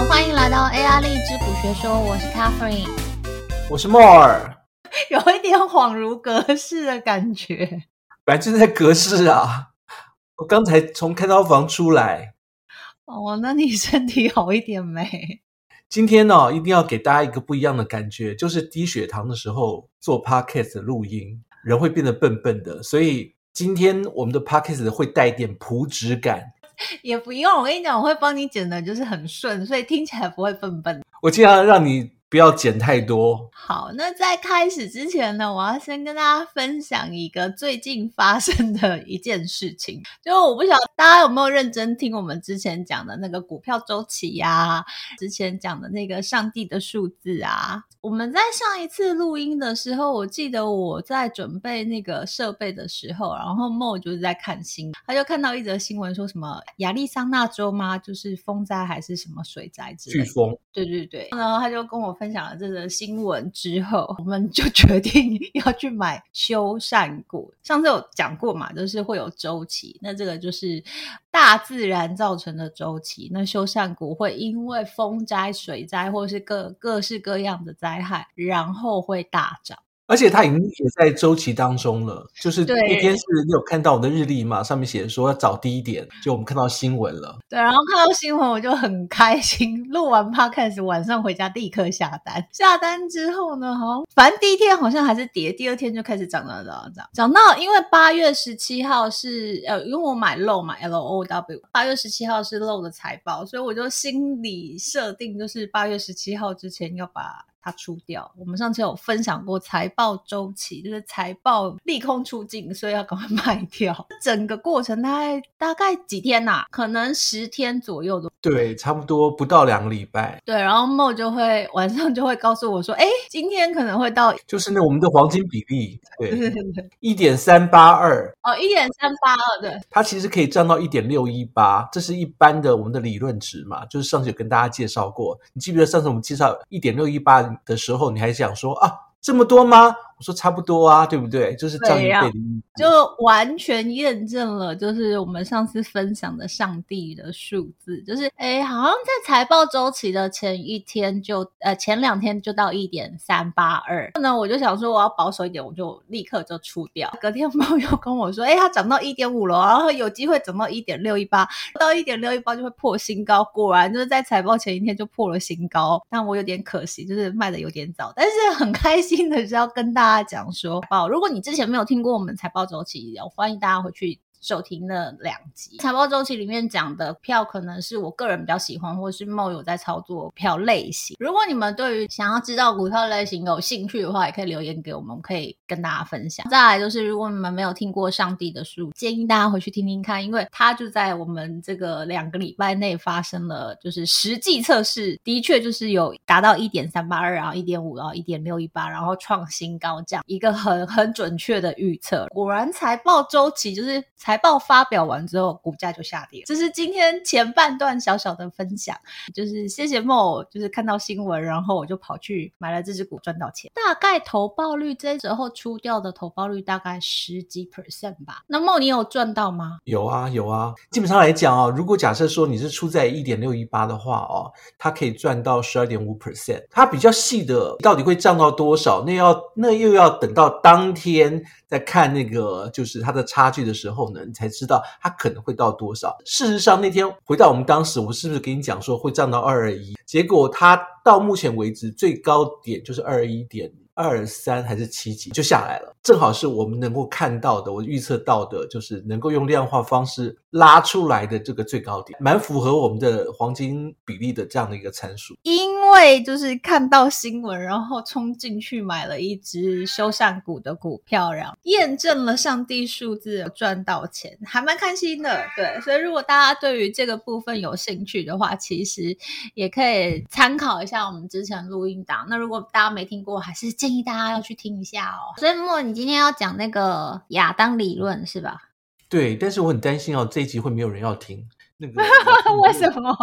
好，歡迎來到 AI 荔枝古學說，我是 Catherine，我是莫爾，有一點恍如隔世的感覺，反正就在隔世啊。我剛才從開刀房出來，哦，那你身體好一點沒？今天呢、哦，一定要給大家一個不一樣的感覺，就是低血糖的時候做 Podcast 錄音，人會變得笨笨的，所以今天我們的 Podcast 會帶一點樸質感。 也不用，我跟你講，我會幫你剪的，就是很順，所以聽起來不會笨笨。我盡量讓你。不要剪太多。好，那在開始之前呢，我要先跟大家分享一個最近發生的一件事情，就我不曉得大家有沒有認真聽我們之前講的那個股票週期呀，啊，之前講的那個上帝的數字啊。我們在上一次錄音的時候，我記得我在準備那個設備的時候，然後莫就是在看新聞，他就看到一則新聞說什麼亞利桑那州嗎？就是風災還是什麼水災之類的？颶風說。對對對，然後他就跟我。分享了這個新聞之後，我們就決定要去買修繕股。上次有講過嘛，就是會有周期，那這個就是大自然造成的周期，那修繕股會因為風災、水災，或是各各式各樣的災害，然後會大漲。而且它已經寫在周期當中了，就是那天是你有看到我的日曆嘛？對上面寫的說要找低點，就我們看到新聞了。對，然後看到新聞我就很開心。錄完 podcast 晚上回家立刻下單，下單之後呢，哈，反正第一天好像還是跌，第二天就開始漲了，漲了，漲，漲到，因為八月十七號是呃，因為我買 low，買 L O W，八月十七號是 low 的財報，所以我就心理設定就是八月十七號之前要把。它出掉，我們上次有分享過財報周期，就是財報利空出盡，所以要趕快賣掉。整個過程大概大概幾天吶、啊？可能十天左右都。對，差不多不到兩個禮拜。對，然後 Mo 就會晚上就會告訴我說：“哎，今天可能會到。”就是那我們的黃金比例，對，一點三八二哦，一點三八二對。它其實可以漲到一點六一八，這是一般的我們的理論值嘛？就是上次有跟大家介紹過，你記不記得上次我們介紹一點六一八？的時候，你還想說啊，這麼多嗎？我說差不多啊，對不對？就是這樣，啊。就完全驗證了，就是我們上次分享的上帝的數字，就是哎，好像在財報周期的前一天就，呃，前兩天就到一點三八二。那我就想說，我要保守一點，我就立刻就出掉。隔天朋友跟我說，哎，它漲到一點五了，然後有機會漲到一點六一八，到一點六一八就會破新高。果然就是在財報前一天就破了新高，但我有點可惜，就是賣得有點早，但是很開心的是要跟大。大家講說報，如果你之前沒有聽過我們財報走起，我歡迎大家回去。手停了兩集財報週期裡面講的票，可能是我個人比較喜歡，或是夢有在操作票類型。如果你們對於想要知道股票類型有興趣的話，也可以留言給我們，我們可以跟大家分享。再來就是，如果你們沒有聽過《上帝的書》，建議大家回去聽聽看，因為它就在我們這個兩個禮拜內發生了，就是實際測試的確就是有達到一點三八二，然後一點五，然後一點六一八，然後創新高這樣一個很很準確的預測。果然財報週期就是。財報發表完之後，股價就下跌。這是今天前半段小小的分享，就是謝謝莫，就是看到新聞，然後我就跑去買了這隻股，賺到錢。大概投報率，這時候出掉的投報率大概十幾 percent 吧。那莫，你有賺到嗎？有啊，有啊。基本上來講哦，如果假設說你是出在一點六一八的話哦，它可以賺到十二點五 percent。它比較細的，到底會漲到多少？那要那又要等到當天再看那個，就是它的差距的時候呢？你才知道它可能會到多少。事實上，那天回到我們當時，我是不是給你講說會降到二二一？結果它到目前為止最高點就是二二一點二三還是七級就下來了，正好是我們能夠看到的，我預測到的，就是能夠用量化方式拉出來的這個最高點，蠻符合我們的黃金比例的這樣的一個參數。因為就是看到新聞，然後衝進去買了一只修善股的股票，然後驗證了上帝數字，賺到錢，還蠻開心的。對，所以如果大家對於這個部分有興趣的話，其實也可以參考一下我們之前的錄音檔。嗯、那如果大家沒聽過，還是建議大家要去聽一下哦。所以莫，你今天要講那個亞當理論是吧？對，但是我很擔心哦，這一集會沒有人要聽。那個 為什麼？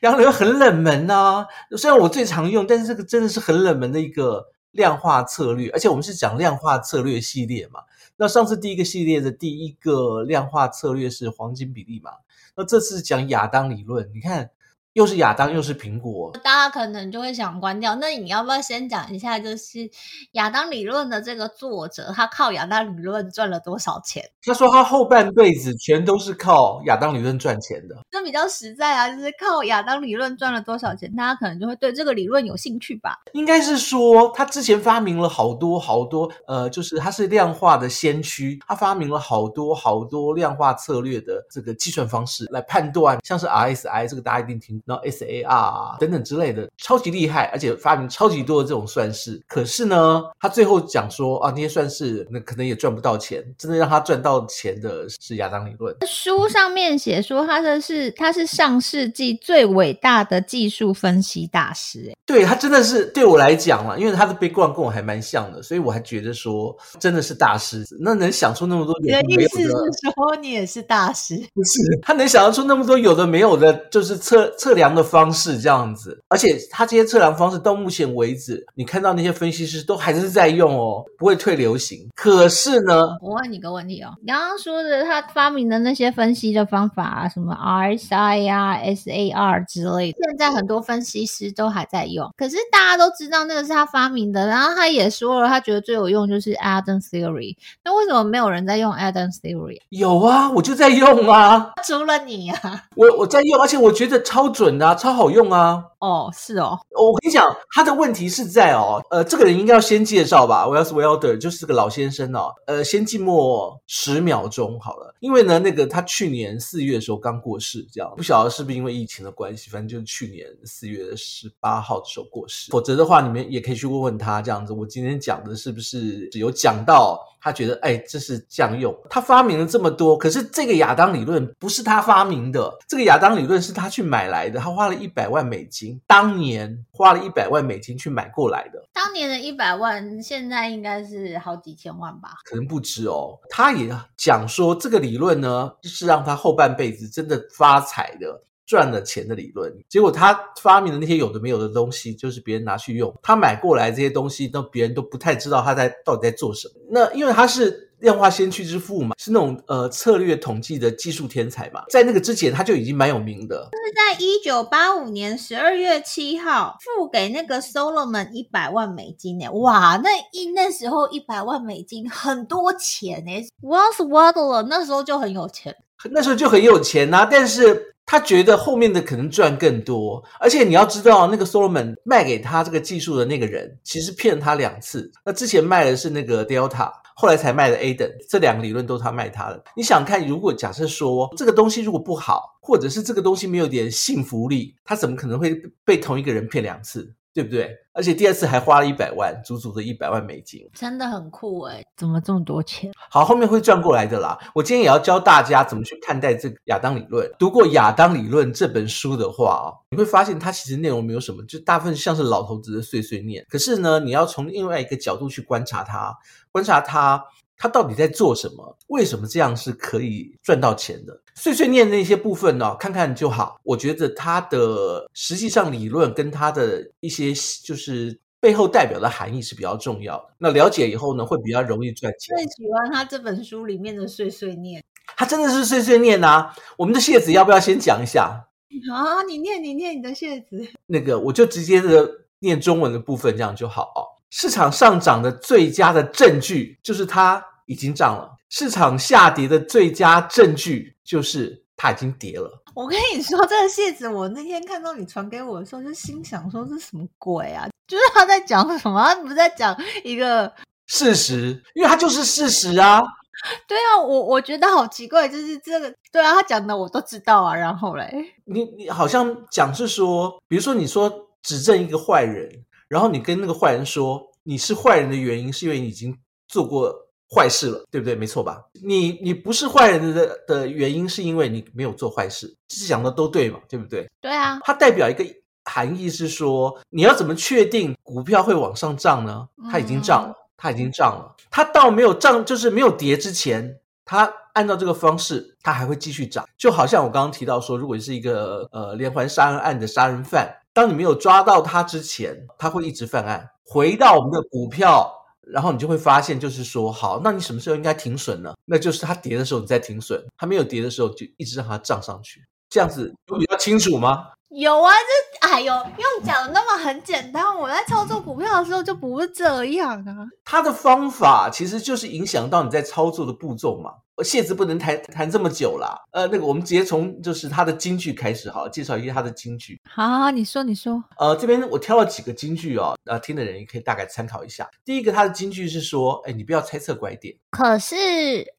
亞當很冷門吶、啊，雖然我最常用，但是這個真的是很冷門的一個量化策略，而且我們是講量化策略系列嘛。那上次第一個系列的第一個量化策略是黃金比例嘛？那這次講亞當理論，你看又是亞當又是蘋果，大家可能就會想關掉。那你要不要先講一下，就是亞當理論的這個作者，他靠亞當理論賺了多少錢？他說他後半輩子全都是靠亞當理論賺錢的。那比較實在啊，就是靠亞當理論賺了多少錢，大家可能就會對這個理論有興趣吧。應該是說他之前發明了好多好多，呃，就是他是量化的先驅，他發明了好多好多量化策略的這個計算方式來判斷，像是 RSI 這個大家一定聽，然後 SAR 等等之類的，超級厲害，而且發明超級多的這種算式。可是呢，他最後講說啊，那些算式那可能也賺不到錢，真的讓他賺到錢的是亞當理論。書上面寫說他的是。他是上世紀最偉大的技術分析大師。欸，哎，對他真的是，對我來講嘛，因為他的背景跟我還蠻像的，所以我還覺得說真的是大師，那能想出那麼多有的沒有的。你的意思是說你也是大師？不是，他能想得出那麼多有的沒有的，就是測測量的方式這樣子，而且他這些測量方式到目前為止，你看到那些分析師都還是在用哦，不會退流行。可是呢，我問你個問題哦，你剛剛說的他發明的那些分析的方法啊，什麼 R SIR、SAR 之類的，現在很多分析師都還在用。可是大家都知道那個是他發明的，然後他也說了，他覺得最有用就是 Adam Theory。那為什麼沒有人在用 Adam Theory？有啊，我就在用啊， 除了你呀、啊。我我在用，而且我覺得超準啊，超好用啊。哦，是哦。哦我跟你講，他的問題是在哦，呃，這個人應該要先介紹吧。Welles Wilder 就是個老先生哦，呃，先靜默十秒鐘好了，因為呢，那個他去年四月的時候剛過世。這樣不曉得是不是因為疫情的關係，反正就是去年四月十八號的時候過世。否則的話，你們也可以去問問他，這樣子。我今天講的是不是只有講到？他覺得，誒、欸、這是這樣用。他發明了這麼多，可是這個亞當理論不是他發明的，這個亞當理論是他去買來的。他花了一百萬美金，當年花了一百萬美金去買過來的。當年的一百萬，現在應該是好幾千萬吧？可能不止哦。他也講說，這個理論呢，就是讓他後半輩子真的發財的。賺了錢的理論，結果他發明的那些有的沒有的東西，就是別人拿去用。他買過來這些東西，那別人都不太知道他在到底在做什麼？那因為他是量化先驅之父嘛，是那種呃策略統計的技術天才嘛，在那個之前他就已經蠻有名的。就是在一九八五年十二月七號，付給那個 Solomon 一百萬美金耶。哇，那一那時候一百萬美金很多錢耶。Welles Wilder 那時候就很有錢，那時候就很有錢吶、啊，但是。他覺得後面的可能賺更多，而且你要知道，那個 Solomon 賣給他這個技術的那個人，其實騙了他兩次。那之前賣的是那個 Delta，後來才賣的 Adam，這兩個理論都是他賣他的。你想看，如果假設說這個東西如果不好，或者是這個東西沒有點信服力，他怎麼可能會被同一個人騙兩次？對不對？而且第二次還花了一百萬，足足的一百萬美金，真的很酷哎、欸！怎麼這麼多錢？好，後面會賺過來的啦。我今天也要教大家怎麼去看待這個亞當理論。讀過《亞當理論》這本書的話，你會發現它其實內容沒有什麼，就大部分像是老頭子的碎碎念。可是呢，你要從另外一個角度去觀察它。觀察他，他到底在做什麼？為什麼這樣是可以賺到錢的？碎碎念那些部分呢、哦，看看就好。我覺得他的實際上理論跟他的一些就是背後代表的含義是比較重要的。那了解以後呢，會比較容易賺錢。最喜歡他這本書裡面的碎碎念，他真的是碎碎念啊！我們的楔子要不要先講一下？好、啊，你念，你念你的楔子。那個，我就直接的念中文的部分，這樣就好、哦。市場上漲的最佳的證據就是它已經漲了，市場下跌的最佳證據就是它已經跌了。我跟你說，這個楔子，我那天看到你傳給我的時候，就心想說這是什麼鬼啊？就是他在講什麼？你不是在講一個事實，因為他就是事實啊。對啊，我我覺得好奇怪，就是這個對啊，他講的我都知道啊。然後嘞，你你好像講是說，比如說你說指證一個壞人。然後你跟那個壞人說，你是壞人的原因是因為你已經做過壞事了，對不對？沒錯吧？你你不是壞人的的原因是因為你沒有做壞事，是講的都對嘛？對不對？對啊，它代表一個含義是說你要怎麼確定股票會往上漲呢？它已經漲了，嗯、它已經漲了，它到沒有漲就是沒有跌之前，它按照這個方式它還會繼續漲。就好像我剛剛提到說，如果是一個呃連環殺人案的殺人犯。當你沒有抓到它之前，它會一直犯案。回到我們的股票，然後你就會發現，就是說，好，那你什麼時候應該停損呢？那就是它跌的時候，你再停損；它沒有跌的時候，就一直讓它漲上去。這樣子，都比較清楚嗎？有啊，這哎呦，用講的那麼很簡單。我在操作股票的時候，就不是這樣啊。它的方法其實就是影響到你在操作的步驟嘛。我謝字不能談談這麼久了，呃，那個我們直接從就是他的金句開始哈，介紹一下他的金句。好，好，好，你說，你說。呃，這邊我挑了幾個金句哦，呃，聽的人也可以大概參考一下。第一個他的金句是說，哎，你不要猜測拐點。可是，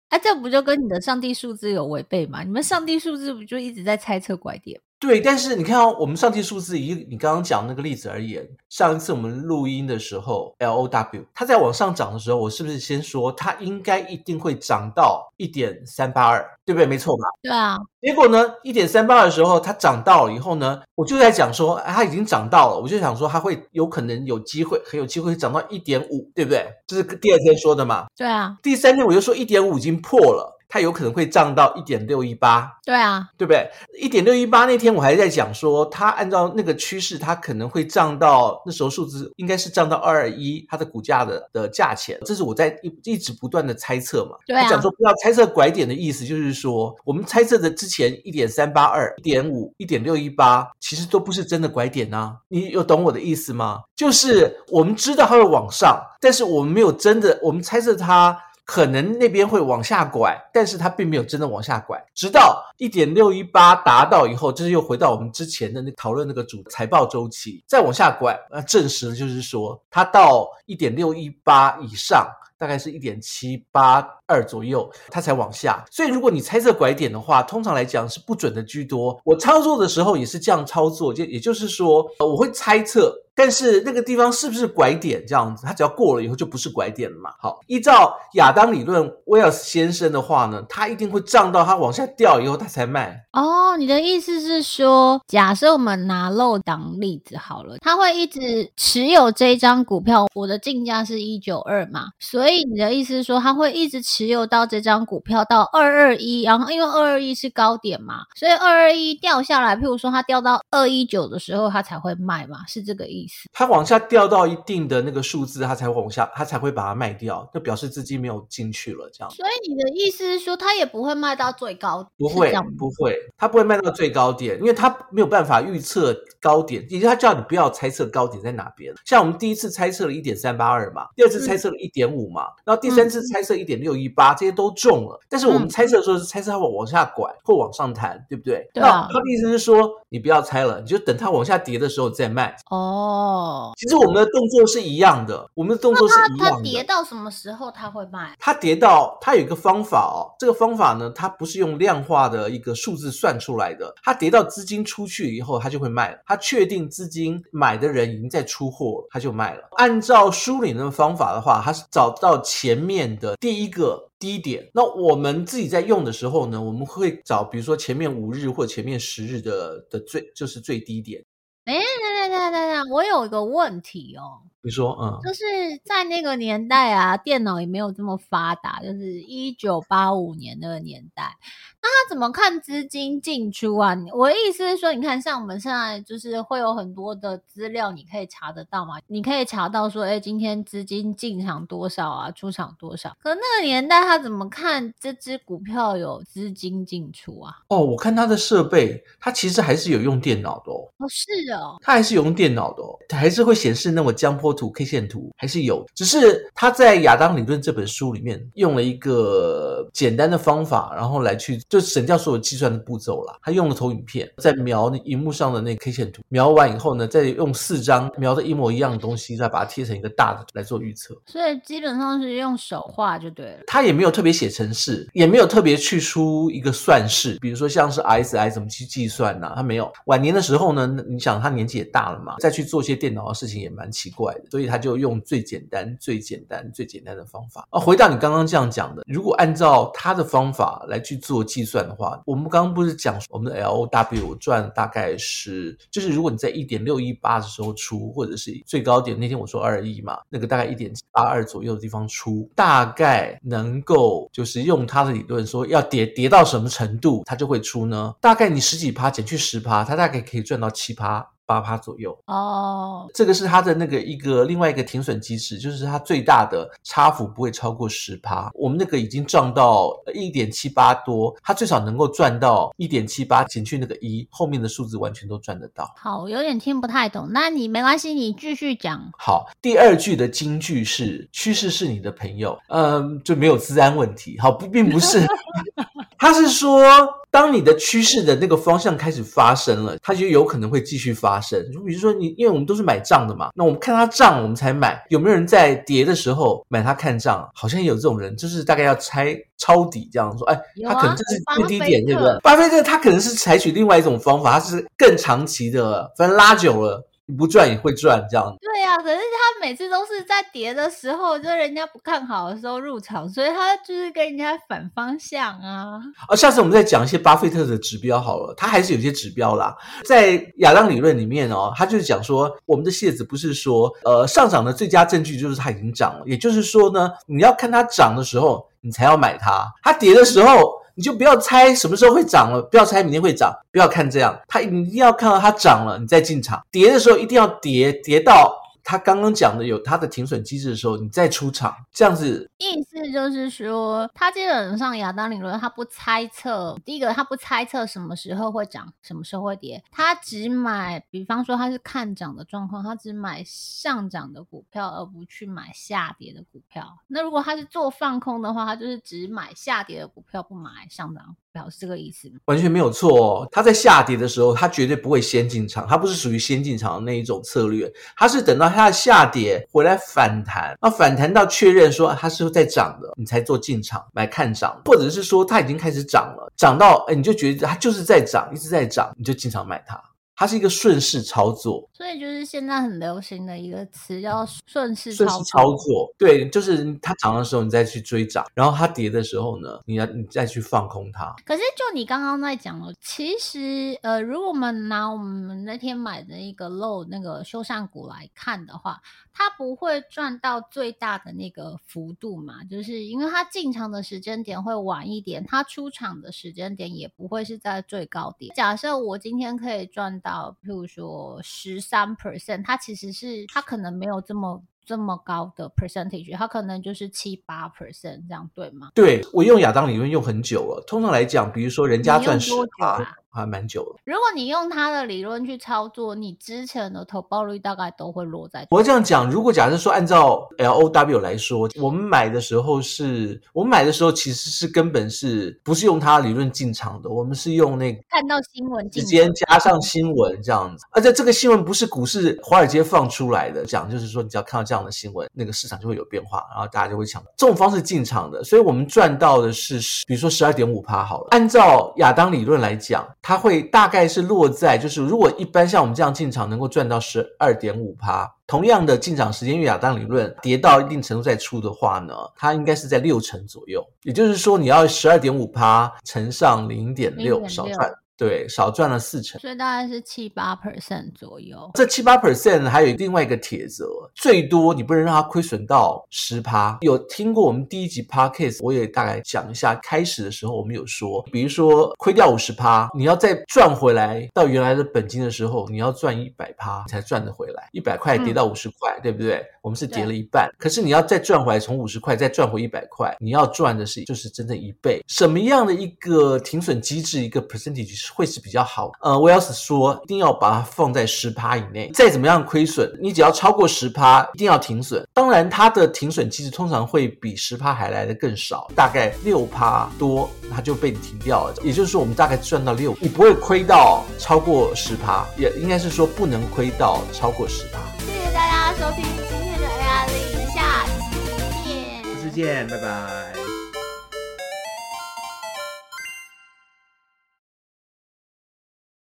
哎、啊，這不就跟你的上帝數字有違背嗎？你們上帝數字不就一直在猜測拐點嗎？對，但是你看到我們上期數字，以你剛剛講那個例子而言，上一次我們錄音的時候，LOW 它在往上漲的時候，我是不是先說它應該一定會漲到一點三八二，對不對？沒錯吧？對啊。結果呢，一點三八二的時候它漲到了以後呢，我就在講說它已經漲到了，我就想說它會有可能有機會，很有機會漲到一點五，對不對？這，就是第二天說的嘛。對啊。第三天我就說一點五已經破了。它有可能會漲到一點六一八，對啊，對不對？一點六一八那天，我還在講說，它按照那個趨勢，它可能會漲到那時候數字應該是漲到二二一，它的股價的的價錢，這是我在一一直不斷的猜測嘛。對啊，我講說不要猜測拐點的意思，就是說我們猜測的之前一點三八二、一點五、一點六一八，其實都不是真的拐點吶、啊。你有懂我的意思嗎？就是我們知道它會往上，但是我們沒有真的，我們猜測它。可能那邊會往下拐，但是它並沒有真的往下拐，直到一點六一八達到以後，這、就是又回到我們之前的那討論那個主財報周期再往下拐，那、呃、證實的就是說它到一點六一八以上，大概是一點七八二左右，它才往下。所以如果你猜測拐點的話，通常來講是不準的居多。我操作的時候也是這樣操作，就也就是說，呃、我會猜測。但是那個地方是不是拐點這樣子？它只要過了以後就不是拐點了嘛。好，依照亞當理論，威爾斯先生的話呢，他一定會漲到他往下掉以後他才賣。哦，你的意思是說，假設我們拿漏擋例子好了，他會一直持有這一張股票，我的進價是一九二嘛，所以你的意思是說，他會一直持有到這張股票到二二一，然後因為二二一是高點嘛，所以二二一掉下來，譬如說它掉到二一九的時候，它才會賣嘛，是這個意思？它往下掉到一定的那個數字，它才會往下，它才會把它賣掉，就表示資金沒有進去了，這樣。所以你的意思是說，它也不會賣到最高？不會，不會，它不會賣到最高點，因為它沒有辦法預測高點，也就它叫你不要猜測高點在哪邊。像我們第一次猜測了一點三八二嘛，第二次猜測了一點五嘛，嗯、然後第三次猜測一點六一八，這些都中了。但是我們猜測的時候是猜測它往下拐或往上彈，對不對？嗯、那對啊。他的意思是說，你不要猜了，你就等它往下跌的時候再賣。哦。哦，其實我們的動作是一樣的，我們的動作是一樣的。它，它跌到什麼時候它會賣？它跌到它有一個方法哦，這個方法呢，它不是用量化的一個數字算出來的。它跌到資金出去以後，它就會賣了。它確定資金買的人已經在出貨，它就賣了。按照書裡那個方法的話，它是找到前面的第一個低點。那我們自己在用的時候呢，我們會找，比如說前面五日或前面十日的的最就是最低點。誒。對呀，對，對，我有一個問題哦。你說，嗯，就是在那個年代啊，電腦也沒有這麼發達，就是一九八五年那個年代，那他怎麼看資金進出啊？我的意思是說，你看像我們現在就是會有很多的資料，你可以查得到嗎？你可以查到說，哎，今天資金進場多少啊，出場多少？可是那個年代他怎麼看這支股票有資金進出啊？哦，我看他的設備，他其實還是有用電腦的哦。不、哦、是哦，他還是有。用電腦的、哦，它還是會顯示那麼江坡圖、K 線圖還是有，只是他在《亞當理論》這本書裡面用了一個簡單的方法，然後來去就省掉所有計算的步驟了。他用了投影片，再描那螢幕上的那 K 線圖，描完以後呢，再用四張描的一模一樣的東西，再把它貼成一個大的來做預測。所以基本上是用手畫就對了。他也沒有特別寫程式，也沒有特別去出一個算式，比如說像是 RSI 怎麼去計算呢、啊？他沒有。晚年的時候呢，你想他年紀也大了。再去做些電腦的事情也蠻奇怪的，所以他就用最簡單、最簡單、最簡單的方法、啊。而回到你剛剛這樣講的，如果按照他的方法來去做計算的話，我們剛剛不是講我們的 L O W 賺大概是，就是如果你在一點六一八的時候出，或者是最高點那天我說二一嘛，那個大概一點八二左右的地方出，大概能夠就是用他的理論說要跌跌到什麼程度，他就會出呢？大概你十幾趴減去十趴，他大概可以賺到七趴。八趴左右哦，oh。這個是它的那個一個另外一個停損機制，就是它最大的差幅不會超過十趴。我們那個已經賺到一點七八多，它最少能夠賺到一點七八減去那個一，後面的數字完全都賺得到。好，我有點聽不太懂，那你沒關係，你繼續講。好，第二句的金句是趨勢是你的朋友，嗯，就沒有資安問題。好，不，並不是。 他是說，當你的趨勢的那個方向開始發生了，他就有可能會繼續發生。就比如說你，你因為我們都是買漲的嘛，那我們看他漲，我們才買。有沒有人在跌的時候買他看漲？好像有這種人，就是大概要猜抄底這樣說。哎，他可能這是最低點是不是，對不對？巴菲特他可能是採取另外一種方法，他是更長期的，反正拉久了，你不賺也會賺，這樣。對呀、啊，可是他每次都是在跌的時候，就人家不看好的時候入場，所以他就是跟人家反方向啊。啊，下次我們再講一些巴菲特的指標好了，他還是有些指標啦。在亞當理論裡面哦，他就是講說，我們的楔子不是說，呃，上漲的最佳證據就是它已經漲了，也就是說呢，你要看它漲的時候，你才要買它，它跌的時候。嗯你就不要猜什麼時候會漲了，不要猜明天會漲，不要看這樣，它、你一定要看到它漲了，你再進場。跌的時候一定要跌，跌到。他剛剛講的有他的停損機制的時候，你再出場這樣子，意思就是說，他基本上亞當理論，他不猜測，第一個他不猜測什麼時候會漲，什麼時候會跌，他只買，比方說他是看漲的狀況，他只買上漲的股票，而不去買下跌的股票。那如果他是做放空的話，他就是只買下跌的股票，不買上漲。表示這個意思嗎？完全沒有錯哦，他在下跌的時候，他絕對不會先進場，他不是屬於先進場的那一種策略。他是等到他的下跌回來反彈，那反彈到確認說它是不是在漲的，你才做進場來看漲，或者是說它已經開始漲了，漲到哎、欸、你就覺得它就是在漲，一直在漲，你就進場買它。它是一個順勢操作，所以就是現在很流行的一個詞叫順勢操。順勢操作，對，就是它漲的時候你再去追漲，然後它跌的時候呢，你要你再去放空它。可是就你剛剛在講了、哦，其實呃，如果我們拿我們那天買的一個漏那個修繕股來看的話，它不會賺到最大的那個幅度嘛，就是因為它進場的時間點會晚一點，它出場的時間點也不會是在最高點。假設我今天可以賺。到，譬如說十三 percent，它其實是它可能沒有這麼這麼高的 percentage，它可能就是七八 percent，這樣對嗎？對，我用亞當理論用很久了。通常來講，比如說人家賺十趴。還蠻久了。如果你用他的理論去操作，你之前的投報率大概都會落在……我這樣講，如果假設說按照 LOW 來說，我們買的時候是，我們買的時候其實是根本是不是用他的理論進場的，我們是用那個看到新聞直接加上新聞這樣子，而且這個新聞不是股市華爾街放出來的，講就是說你只要看到這樣的新聞，那個市場就會有變化，然後大家就會搶。這種方式進場的，所以我們賺到的是，比如說十二點五趴好了。按照亞當理論來講。它會大概是落在，就是如果一般像我們這樣進場能夠賺到十二點五趴，同樣的進場時間用亞當理論跌到一定程度再出的話呢，它應該是在六成左右。也就是說，你要十二點五趴乘上零點六，少賺。對，少賺了四成，所以大概是七八 percent 左右。這七八 percent 還有另外一個鐵則、哦，最多你不能讓它虧損到十趴。有聽過我們第一集 podcast，我也大概講一下。開始的時候我們有說，比如說虧掉五十趴，你要再賺回來到原來的本金的時候，你要賺一百趴才賺得回來。一百塊跌到五十塊，嗯、對不對？我們是跌了一半，對可是，你要再賺回來，從五十塊再賺回一百塊，你要賺的是就是真的一倍。什麼樣的一個停損機制，一個 percentage 會是比較好的？呃，Welles 說一定要把它放在十趴以內，再怎麼樣虧損，你只要超過十趴，一定要停損。當然，它的停損機制通常會比十趴還來得更少，大概六趴多它就被你停掉了。也就是說，我們大概賺到六，你不會虧到超過十趴，也應該是說不能虧到超過十趴。再見，拜拜。